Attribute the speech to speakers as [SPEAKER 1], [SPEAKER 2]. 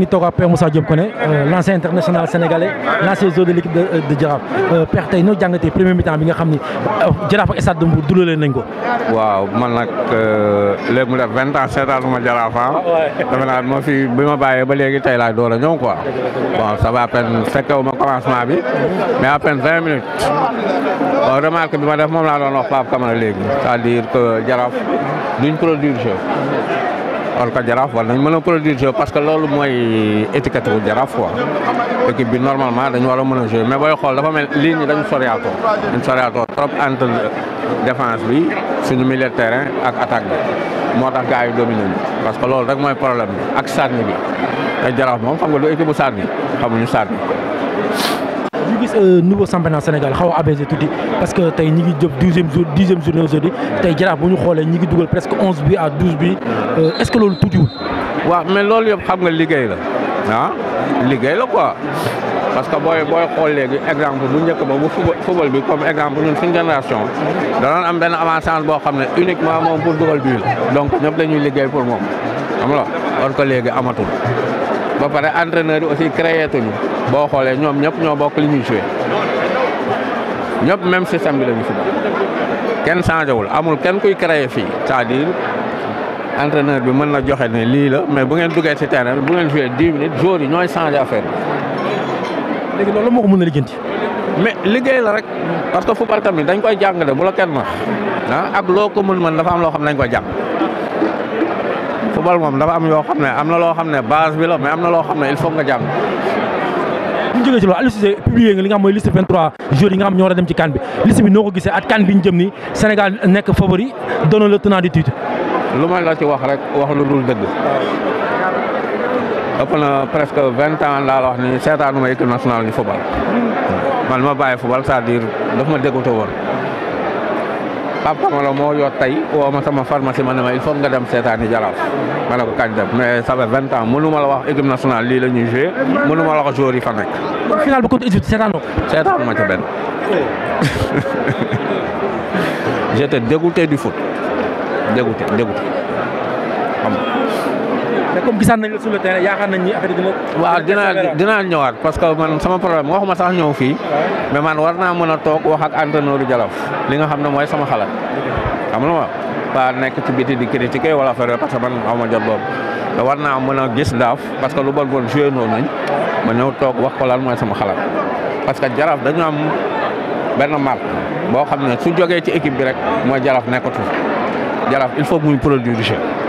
[SPEAKER 1] ñu toog ak Père Moussa Diop Koné euh, l'ancien international sénégalais l'ancien joueur de l'équipe de euh, Jaraaf euh, Père tey noo jàngatee premier mi-temps bi nga xam ni Jaraaf ak du de Mbour dulalee nañ ko. waaw man nag
[SPEAKER 2] léegi mu def vingt ans seetaanuma Jaraaf ah. ah dama naan bi ma bàyyee ba léegi tey laa door a ñëw quoi. bon ça va à peine ma commencement bi mais à vingt minutes bon remarque bi ma def moom laa doon wax Pape Camara léegi c'est-à-dire que Jaraaf duñ produire kon ko jaraaf war nañ mën a produire jeu parce que loolu mooy étiquette wu jaraaf quoi équipe bi normalement dañu war a mën a jouer mais booy xool dafa mel ligne yi dañu soriyaatoo dañu soriyaatoo trop entre défense bi suñu milieu terrain ak attaque bi moo tax gars yi dominé parce que loolu rek mooy problème bi ak sànni bi te jaraaf moom xam nga du équipe bu sànni xamuñu sànni
[SPEAKER 1] Euh, nouveau championnat Sénégal xaw a tout parce que tay ñi ngi 12e jour 10e journée aujourd'hui tay jaraaf buñu xolé ñi ngi duggal presque 11 bi à 12 bi euh, est-ce que loolu tuutiwul.
[SPEAKER 2] wa mais lolu yëpp xam nga liggéey la han ah, liggéey la quoi parce que boy boy xool léegi exemple bu ñëk ba bu football bi comme exemple ñun suñu génération danoon am ben avancement bo xamné uniquement mom pour duggal bii donc ñëpp lañuy liggéey pour mom xam nga alors que légui amatul. ba pare entraîneur yi aussi créé boo xoolee ñoom ñëpp ñoo bokk li ñuy joué ñëpp même système bi la ñu kenn changé wul amul kenn kuy créé fii c'est-à-dire bi mën na joxe ne lii la mais bu ngeen duggee si terrain bu ngeen joué dix minutes joueurs yi ñooy changé affaire léegi loolu moo ko mën a lijjanti. mais liggéey la rek parce que football tamit dañ koy jàng de bu la kenn wax ah, ak loo ko mën mën dafa am loo xam ne dañ koy jàng. football moom dafa am yoo xam ne am na loo xam ne base bi la mais am na loo xam ne il faut nga jàng.
[SPEAKER 1] bu ñu jógee ci loolu li nga xam mooy liste nga xam ñoo war a dem bi bi noo ko gisee ak CAN bi ñu jëm ni nekk favori doon le tenant du titre.
[SPEAKER 2] lu ma la ci wax rek wax lu dul dëgg. ëpp na presque vingt ans laa la wax ni seetaanu ma équipe nationale di football. man ma bàyyi football c'est-à-dire daf ma dégoûté woon. Pape Kamalo moo yor tey woo ma sama pharmacie ma ne ma il faut nga dem seetaani Jaraaf ma ne ko kañ dem mais ça fait vingt ans mënu ma la wax équipe nationale lii la ñuy joué mënu ma la wax joueur fa nekk. final bu contre Égypte seetaanoo ko. seetaanu ma ca benn. j'étais dégoûté du foot dégoûté dégoûté
[SPEAKER 1] mais comme gisaan nañ la sur le terrain yaakaar nañ
[SPEAKER 2] dinaa dinaa parce que man sama problème waxuma sax ñëw fii. mais man war naa mën toog wax ak entraîneur du Jolof li nga xam ne mooy sama xalaat. xam nga waaw nekk ci biti di critiquer wala affaire parce que man aw ma jot boobu. te war mën a gis daaf parce que lu bon bon joué noonu nañ ma ñëw toog wax ko lan mooy sama xalaat parce que Jaraaf dañu am benn marque boo xam ne su jogee ci équipe bi rek mooy Jaraaf nekkatu Jaraaf il faut muy produire du jeu.